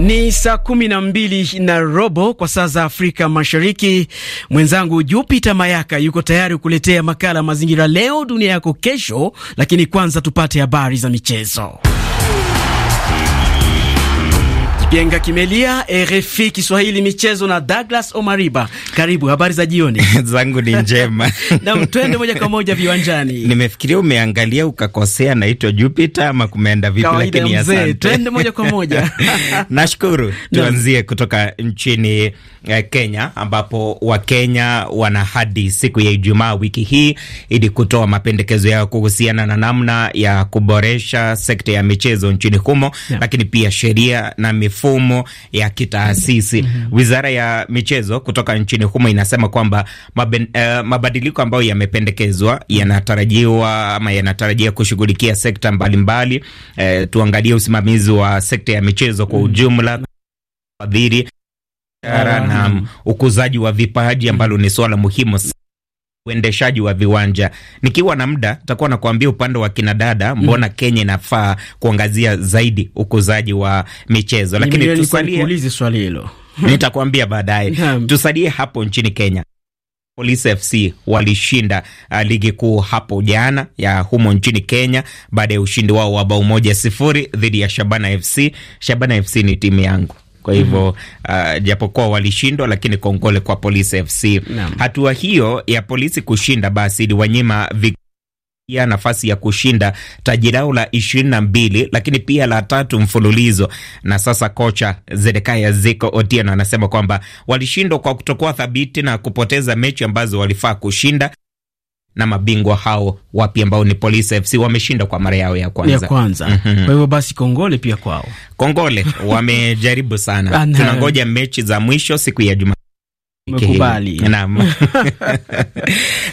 Ni saa kumi na mbili na robo kwa saa za Afrika Mashariki. Mwenzangu jupita Mayaka yuko tayari kuletea makala Mazingira leo dunia yako kesho, lakini kwanza tupate habari za michezo. Kipenga kimelia, RFI Kiswahili michezo na Douglas Omariba. Karibu, habari za jioni. Zangu ni njema. Na mtwende moja kwa moja viwanjani. Nimefikiria umeangalia ukakosea naitwa Jupiter ama kumeenda vipi, lakini asante. Twende moja kwa moja. Nashukuru. Tuanzie kutoka nchini eh, Kenya ambapo Wakenya wana hadi siku ya Ijumaa wiki hii ili kutoa mapendekezo yao kuhusiana na namna ya kuboresha sekta ya michezo nchini humo, Lakini pia sheria na mifu mifumo ya kitaasisi. mm -hmm. Wizara ya michezo kutoka nchini humo inasema kwamba maben, uh, mabadiliko ambayo yamependekezwa yanatarajiwa ama yanatarajia kushughulikia sekta mbalimbali mbali. Uh, eh, tuangalie usimamizi wa sekta ya michezo kwa mhm. ujumla fadhili mm -hmm. na ukuzaji wa vipaji ambalo ni suala muhimu uendeshaji wa viwanja. Nikiwa na muda takuwa nakuambia upande wa kinadada, mm. mbona mm. Kenya inafaa kuangazia zaidi ukuzaji wa michezo, lakini tusalie swali hilo nitakuambia baadaye. Tusalie hapo nchini Kenya. Police FC walishinda uh, ligi kuu hapo jana ya humo nchini Kenya baada ya ushindi wao wa bao moja sifuri dhidi ya Shabana FC. Shabana FC ni timu yangu. Kwa hivyo mhm. uh, japokuwa walishindwa, lakini kongole kwa Polisi FC. Hatua hiyo ya polisi kushinda basi iliwanyima ya nafasi ya kushinda taji lao la ishirini na mbili lakini pia la tatu mfululizo. Na sasa kocha Zedekaya Ziko Otieno anasema kwamba walishindwa kwa kutokuwa thabiti na kupoteza mechi ambazo walifaa kushinda na mabingwa hao wapya ambao ni Police FC wameshinda kwa mara yao ya kwanza, ya kwanza. Mm -hmm. Kwa hivyo basi kongole pia kwao, kongole wamejaribu sana. Tunangoja mechi za mwisho siku ya jumaa Naam.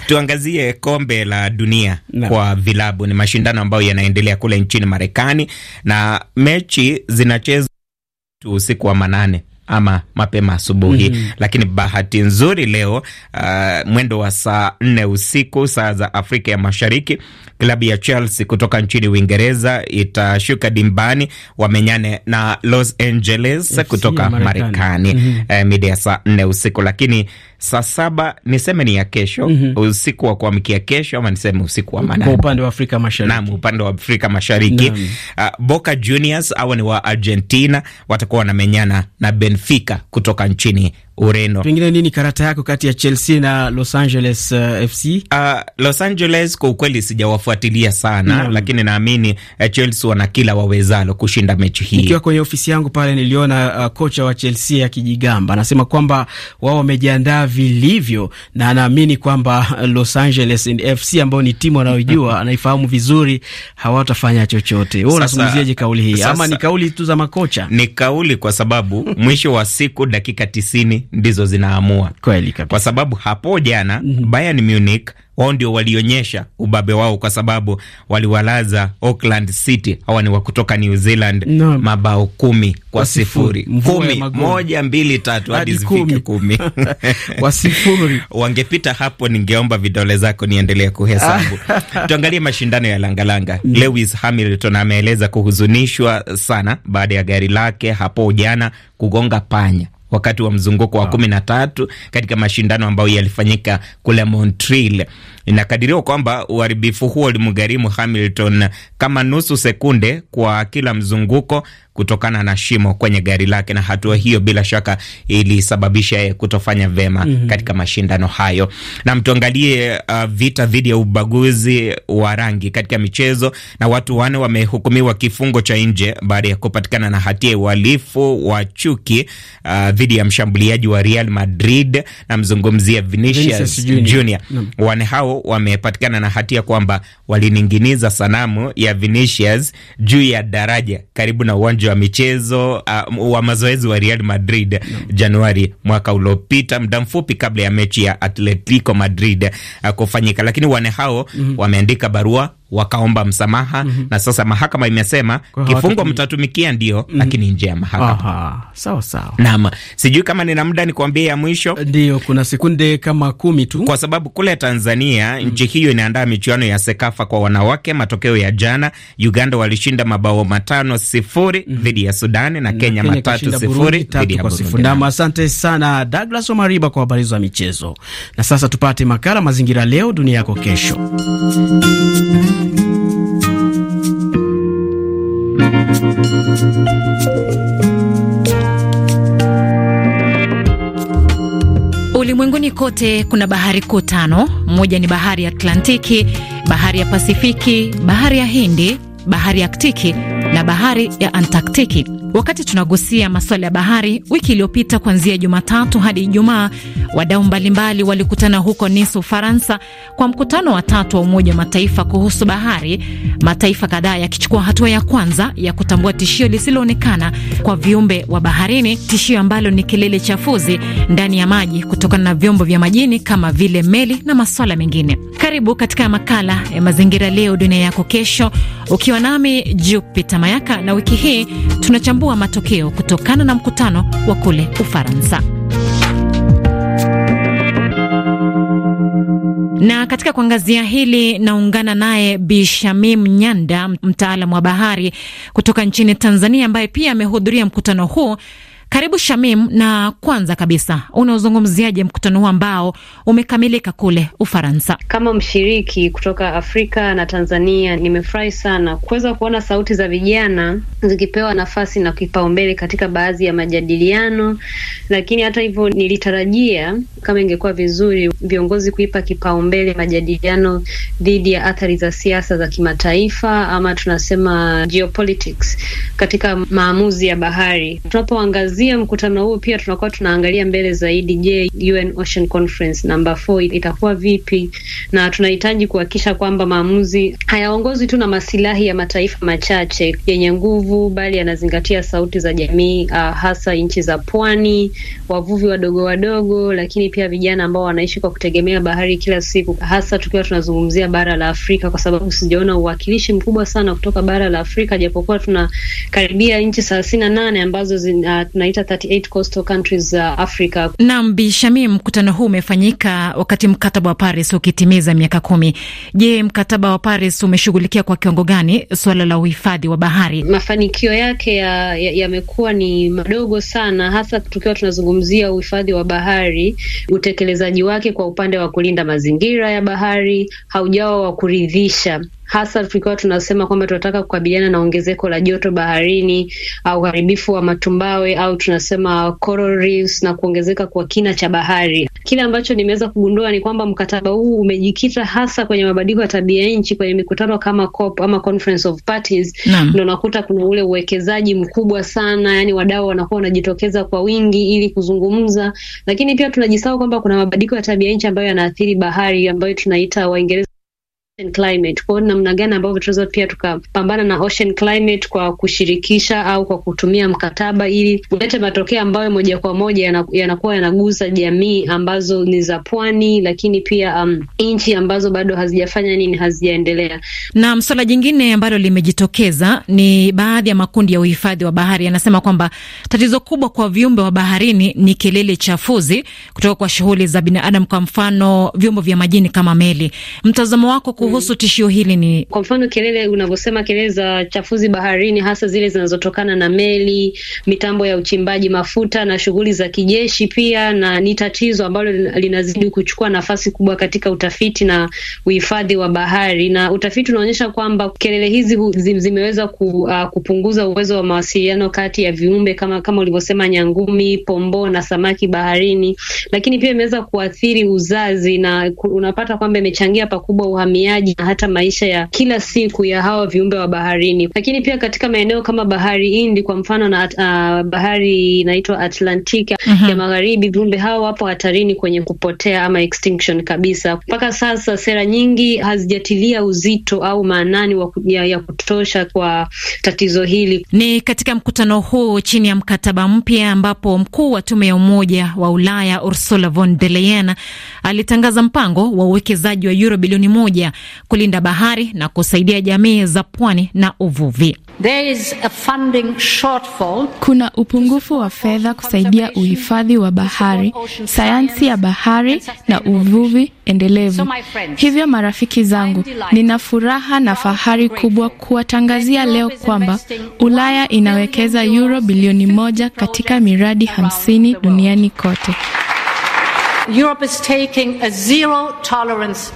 Tuangazie kombe la dunia na kwa vilabu, ni mashindano ambayo yanaendelea kule nchini Marekani na mechi zinachezwa usiku wa manane ama mapema asubuhi mm -hmm. Lakini bahati nzuri leo, uh, mwendo wa saa nne usiku saa za Afrika ya Mashariki, klabu ya Chelsea kutoka nchini Uingereza itashuka dimbani wamenyane na Los Angeles FC kutoka Marekani mm -hmm. uh, mida ya saa nne usiku lakini saa saba niseme ni ya kesho mm -hmm. usiku wa kuamkia kesho ama niseme usiku wa manane upande wa Afrika Mashariki. Naam, upande wa Afrika Mashariki uh, Boca Juniors hawa ni wa Argentina watakuwa wanamenyana na Benfica kutoka nchini Ureno. Pengine nini karata yako kati ya Chelsea na Los Angeles uh, eh, FC? Uh, ah, Los Angeles kwa ukweli sijawafuatilia sana mm, lakini naamini uh, Chelsea wana kila wawezalo kushinda mechi hii. Nikiwa kwenye ofisi yangu pale niliona uh, kocha wa Chelsea akijigamba, anasema kwamba wao wamejiandaa vilivyo na anaamini kwamba Los Angeles FC ambao ni timu anayojua anaifahamu vizuri hawatafanya chochote. Wewe unazungumziaje kauli hii? Ama ni kauli tu za makocha? Ni kauli kwa sababu mwisho wa siku dakika tisini ndizo zinaamua kweli kabisa, kwa sababu hapo jana mm -hmm. Bayern Munich wao ndio walionyesha ubabe wao kwa sababu waliwalaza Auckland City, hawa ni wa kutoka New Zealand no. mabao kumi kwa sifuri, kumi moja mbili tatu hadi zifike kumi kwa sifuri wangepita hapo, ningeomba vidole zako niendelee kuhesabu. Tuangalie mashindano ya langalanga mm. Lewis Hamilton ameeleza kuhuzunishwa sana baada ya gari lake hapo jana kugonga panya wakati wa mzunguko wa ah. kumi na tatu katika mashindano ambayo yalifanyika kule Montreal. Inakadiriwa kwamba uharibifu huo ulimgharimu Hamilton kama nusu sekunde kwa kila mzunguko kutokana na shimo kwenye gari lake, na hatua hiyo bila shaka ilisababisha yeye kutofanya vema mm -hmm. katika mashindano hayo. Na mtuangalie uh, vita dhidi ya ubaguzi wa rangi katika michezo, na watu wanne wamehukumiwa kifungo cha nje baada ya kupatikana na hatia ya uhalifu wa chuki uh, dhidi ya mshambuliaji wa Real Madrid, namzungumzia Vinicius Junior. Wanne hao wamepatikana na hatia kwamba walininginiza sanamu ya Vinicius juu ya daraja karibu na uwanja wa michezo uh, wa mazoezi wa Real Madrid Januari mwaka uliopita, muda mfupi kabla ya mechi ya Atletico Madrid uh, kufanyika, lakini wane hao mm -hmm. wameandika barua wakaomba msamaha mm -hmm. Na sasa mahakama imesema kifungo mtatumikia ndio, mm -hmm. lakini nje ya mahakama. Sawa sawa, naam. Sijui kama nina muda nikuambie ya mwisho. Ndio, kuna sekunde kama kumi tu, kwa sababu kule Tanzania mm -hmm. nchi hiyo inaandaa michuano ya Sekafa kwa wanawake. Matokeo ya jana, Uganda walishinda mabao matano sifuri mm -hmm. dhidi ya Sudani na Kenya, Kenya matatu sifuri dhidi ya Burundi. Naam, asante sana Douglas Omariba kwa habari za michezo. Na sasa tupate makala Mazingira Leo Dunia Yako Kesho. kote kuna bahari kuu tano. Moja ni bahari ya Atlantiki, bahari ya Pasifiki, bahari ya Hindi, bahari ya Aktiki na bahari ya Antaktiki. Wakati tunagusia masuala ya bahari, wiki iliyopita kuanzia Jumatatu hadi Ijumaa, Wadau mbalimbali walikutana huko Nice, Ufaransa, kwa mkutano wa tatu wa Umoja wa Mataifa kuhusu bahari, mataifa kadhaa yakichukua hatua ya kwanza ya kutambua tishio lisiloonekana kwa viumbe wa baharini, tishio ambalo ni kelele chafuzi ndani ya maji kutokana na vyombo vya majini kama vile meli na maswala mengine. Karibu katika makala ya Mazingira Leo Dunia Yako Kesho, ukiwa nami Jupita Mayaka, na wiki hii tunachambua matokeo kutokana na mkutano wa kule Ufaransa. Na katika kuangazia hili naungana naye Bi Shamim Nyanda, mtaalam wa bahari kutoka nchini Tanzania, ambaye pia amehudhuria mkutano huu karibu Shamim, na kwanza kabisa unaozungumziaje mkutano huu ambao umekamilika kule Ufaransa? Kama mshiriki kutoka Afrika na Tanzania, nimefurahi sana kuweza kuona sauti za vijana zikipewa nafasi na kipaumbele katika baadhi ya majadiliano, lakini hata hivyo nilitarajia kama ingekuwa vizuri viongozi kuipa kipaumbele majadiliano dhidi ya athari za siasa za kimataifa ama tunasema geopolitics katika maamuzi ya bahari tunapoangazia kumalizia mkutano huu pia tunakuwa tunaangalia mbele zaidi. Je, UN Ocean Conference namba 4 itakuwa vipi? Na tunahitaji kuhakikisha kwamba maamuzi hayaongozwi tu na masilahi ya mataifa machache yenye nguvu, bali yanazingatia sauti za jamii, uh, hasa nchi za pwani, wavuvi wadogo wadogo, lakini pia vijana ambao wanaishi kwa kutegemea bahari kila siku, hasa tukiwa tunazungumzia bara la Afrika, kwa sababu sijaona uwakilishi mkubwa sana kutoka bara la Afrika, japokuwa tunakaribia nchi thelathini na nane ambazo zina, ah, uh, ita 38 coastal countries za Africa. Naam, Bi Shamim, mkutano huu umefanyika wakati mkataba wa Paris ukitimiza miaka kumi. Je, mkataba wa Paris umeshughulikia kwa kiwango gani suala la uhifadhi wa bahari? Mafanikio yake yamekuwa ya, ya ni madogo sana, hasa tukiwa tunazungumzia uhifadhi wa bahari. Utekelezaji wake kwa upande wa kulinda mazingira ya bahari haujawa wa kuridhisha hasa tulikuwa tunasema kwamba tunataka kukabiliana na ongezeko la joto baharini au uharibifu wa matumbawe au tunasema coral reefs na kuongezeka kwa kina cha bahari. Kile ambacho nimeweza kugundua ni kwamba mkataba huu umejikita hasa kwenye mabadiliko ya tabia nchi kwenye mikutano kama COP ama Conference of Parties, unakuta kuna ule uwekezaji mkubwa sana, yani wadau wanakuwa wanajitokeza kwa wingi ili kuzungumza, lakini pia tunajisahau kwamba kuna mabadiliko ya tabia nchi ambayo yanaathiri bahari ambayo tunaita Waingereza climate. Kwa namna gani ambavyo tunaweza pia tukapambana na ocean climate kwa kushirikisha au kwa kutumia mkataba ili ulete matokeo ambayo moja kwa moja yanakuwa yanagusa jamii ambazo ni za pwani, lakini pia um, nchi ambazo bado hazijafanya nini, hazijaendelea. Na swala jingine ambalo limejitokeza ni baadhi ya makundi ya uhifadhi wa bahari yanasema kwamba tatizo kubwa kwa viumbe wa baharini ni kelele chafuzi kutoka kwa shughuli za binadamu, kwa mfano vyombo vya majini kama meli. Mtazamo wako ku kuhusu tishio hili ni kwa mfano kelele unavyosema, kelele za chafuzi baharini, hasa zile zinazotokana na meli, mitambo ya uchimbaji mafuta na shughuli za kijeshi pia, na ni tatizo ambalo linazidi kuchukua nafasi kubwa katika utafiti na uhifadhi wa bahari, na utafiti unaonyesha kwamba kelele hizi zimeweza ku, uh, kupunguza uwezo wa mawasiliano kati ya viumbe kama kama ulivyosema, nyangumi, pomboo na samaki baharini, lakini pia imeweza kuathiri uzazi na unapata kwamba imechangia pakubwa uhamiaji upatikanaji na hata maisha ya kila siku ya hawa viumbe wa baharini. Lakini pia katika maeneo kama bahari Hindi kwa mfano na uh, bahari inaitwa Atlantika uh mhm. -huh. ya magharibi, viumbe hao wapo hatarini kwenye kupotea ama extinction kabisa. Mpaka sasa sera nyingi hazijatilia uzito au maanani wa, ya, ya kutosha kwa tatizo hili. Ni katika mkutano huu chini ya mkataba mpya ambapo mkuu wa tume ya Umoja wa Ulaya Ursula von der Leyen alitangaza mpango wa uwekezaji wa euro bilioni moja kulinda bahari na kusaidia jamii za pwani na uvuvi. There is a funding shortfall. Kuna upungufu wa fedha kusaidia uhifadhi wa bahari, sayansi ya bahari na uvuvi endelevu. So hivyo marafiki zangu, nina furaha na fahari kubwa kuwatangazia leo kwamba Ulaya inawekeza euro bilioni moja katika miradi hamsini duniani kote.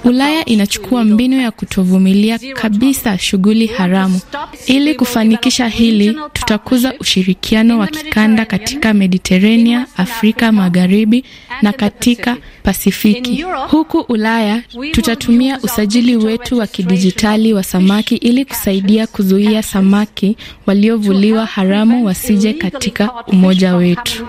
Ulaya inachukua mbinu ya kutovumilia kabisa shughuli haramu. Ili kufanikisha hili, tutakuza ushirikiano wa kikanda katika Mediterania, Afrika Magharibi na katika Pasifiki. Huku Ulaya tutatumia usajili wetu wa kidijitali wa samaki ili kusaidia kuzuia samaki waliovuliwa haramu wasije katika umoja wetu.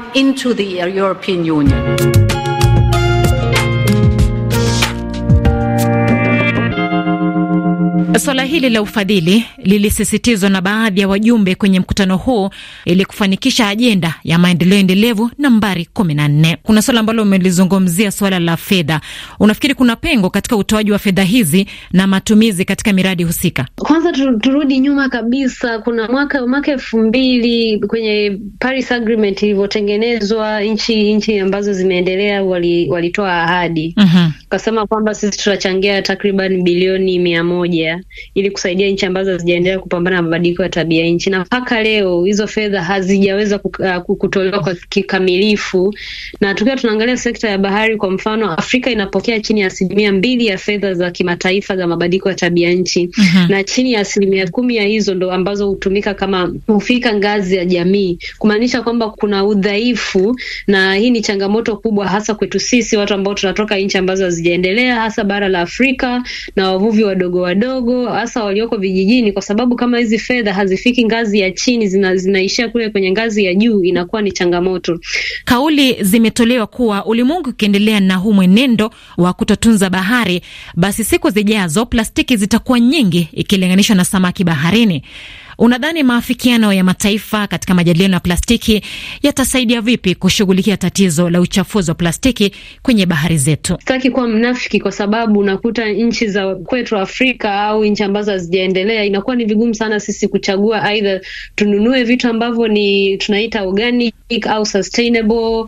swala hili la ufadhili lilisisitizwa na baadhi ya wajumbe kwenye mkutano huo ili kufanikisha ajenda ya maendeleo endelevu nambari kumi na nne. Kuna swala ambalo umelizungumzia, swala la fedha. Unafikiri kuna pengo katika utoaji wa fedha hizi na matumizi katika miradi husika? Kwanza turudi nyuma kabisa, kuna mwaka mwaka elfu mbili kwenye Paris Agreement ilivyotengenezwa, nchi nchi ambazo zimeendelea walitoa wali ahadi, mm -hmm. kasema kwamba sisi tutachangia takriban bilioni mia moja ili kusaidia nchi ambazo hazijaendelea kupambana na mabadiliko ya tabia nchi, na mpaka leo hizo fedha hazijaweza ah, kutolewa kwa kikamilifu. Na tukiwa tunaangalia sekta ya bahari kwa mfano, Afrika inapokea chini ya asilimia mbili ya fedha za kimataifa za mabadiliko ya tabia nchi mm -hmm. na chini ya asilimia kumi ya hizo ndo ambazo hutumika kama hufika ngazi ya jamii, kumaanisha kwamba kuna udhaifu, na hii ni changamoto kubwa hasa kwetu sisi watu ambao tunatoka nchi ambazo hazijaendelea, hasa bara la Afrika na wavuvi wadogo wadogo wadogo, hasa walioko vijijini, kwa sababu kama hizi fedha hazifiki ngazi ya chini, zina, zinaishia kule kwenye ngazi ya juu, inakuwa ni changamoto. Kauli zimetolewa kuwa ulimwengu ukiendelea na huu mwenendo wa kutotunza bahari, basi siku zijazo plastiki zitakuwa nyingi ikilinganishwa na samaki baharini. Unadhani maafikiano ya mataifa katika majadiliano ya plastiki yatasaidia vipi kushughulikia tatizo la uchafuzi wa plastiki kwenye bahari zetu? Sitaki kuwa mnafiki, kwa sababu unakuta nchi za kwetu Afrika au nchi ambazo hazijaendelea inakuwa ni vigumu sana sisi kuchagua, aidha tununue vitu ambavyo ni tunaita organic au sustainable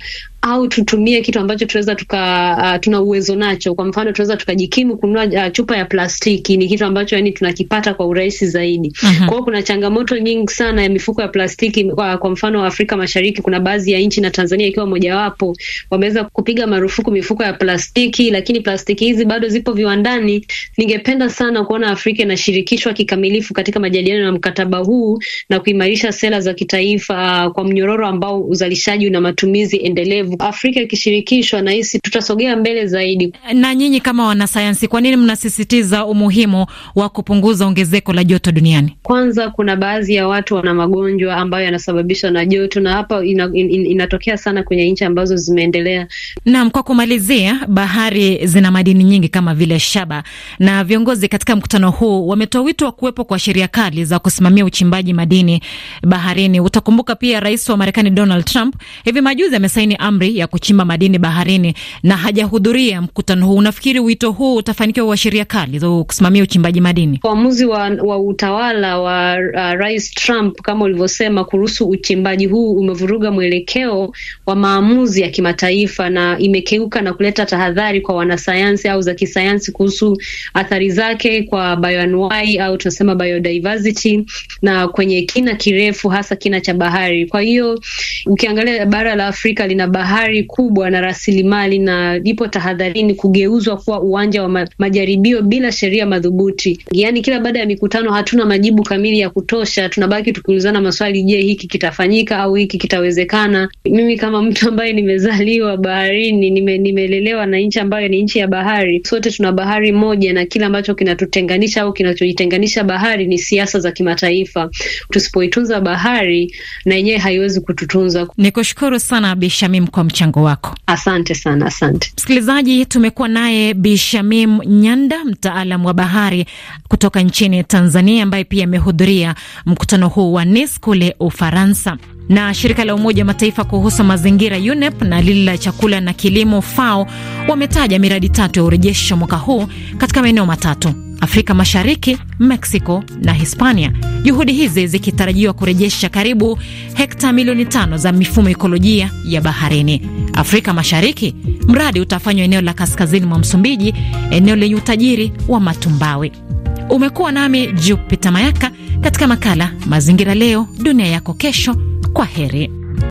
au tutumie kitu ambacho tunaweza tuka uh, tuna uwezo nacho. Kwa mfano tunaweza tukajikimu kununua uh, chupa ya plastiki, ni kitu ambacho yani tunakipata kwa urahisi zaidi. mm -hmm. Kwa hiyo kuna changamoto nyingi sana ya mifuko ya plastiki kwa, uh, kwa mfano Afrika Mashariki kuna baadhi ya nchi na Tanzania ikiwa mojawapo, wameweza kupiga marufuku mifuko ya plastiki, lakini plastiki hizi bado zipo viwandani. Ningependa sana kuona Afrika inashirikishwa kikamilifu katika majadiliano ya mkataba huu na kuimarisha sera za kitaifa uh, kwa mnyororo ambao uzalishaji na matumizi endelevu nguvu. Afrika ikishirikishwa, nahisi tutasogea mbele zaidi. Na nyinyi kama wanasayansi, kwa nini mnasisitiza umuhimu wa kupunguza ongezeko la joto duniani? Kwanza, kuna baadhi ya watu wana magonjwa ambayo yanasababishwa na joto, na hapa ina, in, in, inatokea sana kwenye nchi ambazo zimeendelea. Naam, kwa kumalizia, bahari zina madini nyingi kama vile shaba, na viongozi katika mkutano huu wametoa wito wa kuwepo kwa sheria kali za kusimamia uchimbaji madini baharini. Utakumbuka pia rais wa Marekani Donald Trump hivi majuzi amesaini amri amri ya kuchimba madini baharini na hajahudhuria mkutano huu. Unafikiri wito huu utafanikiwa wa sheria kali za kusimamia uchimbaji madini? Uamuzi wa, wa utawala wa uh, Rais Trump kama ulivyosema, kuruhusu uchimbaji huu umevuruga mwelekeo wa maamuzi ya kimataifa na imekeuka na kuleta tahadhari kwa wanasayansi au za kisayansi kuhusu athari zake kwa bioanuai au tunasema biodiversity na kwenye kina kirefu, hasa kina cha bahari. Kwa hiyo ukiangalia bara la Afrika lina bahari bahari kubwa na rasilimali na ipo tahadharini kugeuzwa kuwa uwanja wa majaribio bila sheria madhubuti. Yaani, kila baada ya mikutano hatuna majibu kamili ya kutosha, tunabaki tukiulizana maswali: je, hiki kitafanyika au hiki kitawezekana? Mimi kama mtu ambaye nimezaliwa baharini, nime, nimelelewa na nchi ambayo ni nchi ya bahari, sote tuna bahari moja, na kile ambacho kinatutenganisha au kinachoitenganisha bahari ni siasa za kimataifa. Tusipoitunza bahari, na yenyewe haiwezi kututunza. Nikushukuru sana Bishamim kwa mchango wako. Asante sana. Asante msikilizaji, tumekuwa naye bishamim Nyanda, mtaalam wa bahari kutoka nchini Tanzania, ambaye pia amehudhuria mkutano huu wa NIS e kule Ufaransa na shirika la Umoja wa Mataifa kuhusu mazingira UNEP na lile la chakula na kilimo FAO wametaja miradi tatu ya urejesho mwaka huu katika maeneo matatu: Afrika Mashariki, Mexico na Hispania, juhudi hizi zikitarajiwa kurejesha karibu hekta milioni tano za mifumo ekolojia ya baharini. Afrika Mashariki, mradi utafanywa eneo la kaskazini mwa Msumbiji, eneo lenye utajiri wa matumbawe. Umekuwa nami Jupita Mayaka katika makala Mazingira Leo, Dunia Yako Kesho. Kwa heri.